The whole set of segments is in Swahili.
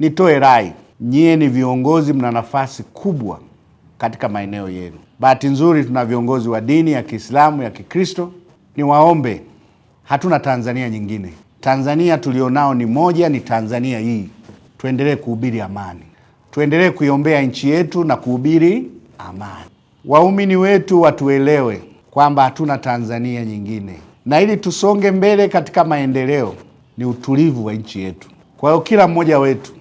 Nitoe rai, nyie ni viongozi, mna nafasi kubwa katika maeneo yenu. Bahati nzuri tuna viongozi wa dini ya Kiislamu, ya Kikristo. Niwaombe, hatuna Tanzania nyingine. Tanzania tulionao ni moja, ni Tanzania hii. Tuendelee kuhubiri amani, tuendelee kuiombea nchi yetu na kuhubiri amani. Waumini wetu watuelewe kwamba hatuna Tanzania nyingine, na ili tusonge mbele katika maendeleo ni utulivu wa nchi yetu. Kwa hiyo kila mmoja wetu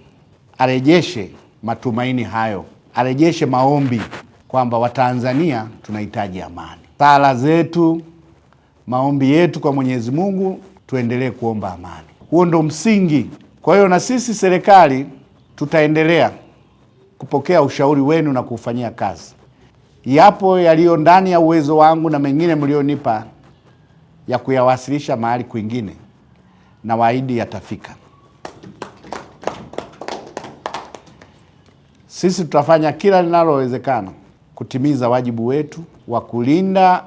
arejeshe matumaini hayo, arejeshe maombi kwamba Watanzania tunahitaji amani. Sala zetu, maombi yetu kwa Mwenyezi Mungu, tuendelee kuomba amani. Huo ndo msingi. Kwa hiyo na sisi serikali tutaendelea kupokea ushauri wenu na kuufanyia kazi. Yapo yaliyo ndani ya uwezo wangu na mengine mlionipa ya kuyawasilisha mahali kwingine, na waahidi yatafika. Sisi tutafanya kila linalowezekana kutimiza wajibu wetu wa kulinda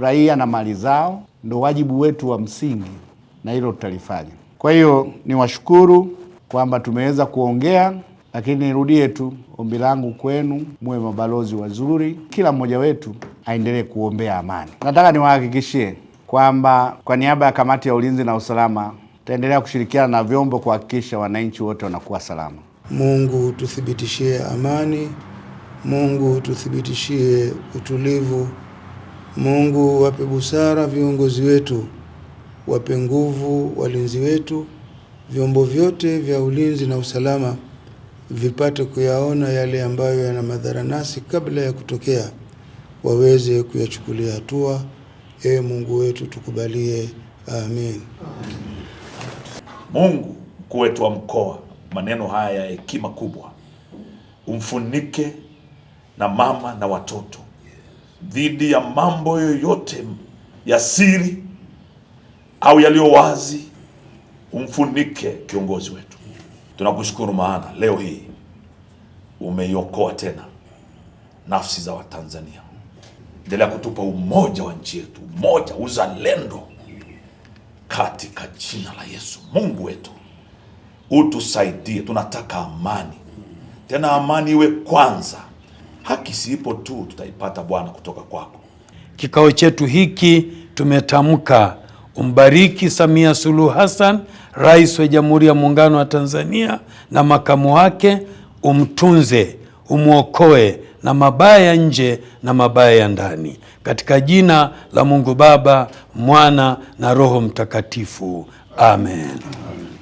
raia na mali zao, ndo wajibu wetu wa msingi, na hilo tutalifanya. Kwa hiyo niwashukuru kwamba tumeweza kuongea, lakini nirudie tu ombi langu kwenu, muwe mabalozi wazuri, kila mmoja wetu aendelee kuombea amani. Nataka niwahakikishie kwamba kwa niaba ya kamati ya ulinzi na usalama tutaendelea kushirikiana na vyombo kuhakikisha wananchi wote wanakuwa salama. Mungu tuthibitishie amani, Mungu tuthibitishie utulivu, Mungu wape busara viongozi wetu, wape nguvu walinzi wetu, vyombo vyote vya ulinzi na usalama vipate kuyaona yale ambayo yana madhara nasi kabla ya kutokea, waweze kuyachukulia hatua. Ee Mungu wetu tukubalie. Amin. Mungu mkuu wetu wa mkoa maneno haya ya hekima kubwa, umfunike na mama na watoto dhidi ya mambo yoyote ya siri au yaliyo wazi, umfunike kiongozi wetu. Tunakushukuru maana leo hii umeiokoa tena nafsi za Watanzania. Endelea kutupa umoja wa nchi yetu, umoja, uzalendo katika jina la Yesu Mungu wetu utusaidie, tunataka amani, tena amani iwe kwanza. Haki siipo tu, tutaipata Bwana kutoka kwako. Kikao chetu hiki tumetamka umbariki Samia Suluhu Hassan, Rais wa Jamhuri ya Muungano wa Tanzania na makamu wake, umtunze, umwokoe na mabaya ya nje na mabaya ya ndani, katika jina la Mungu Baba, Mwana na Roho Mtakatifu, amen, amen.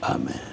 amen.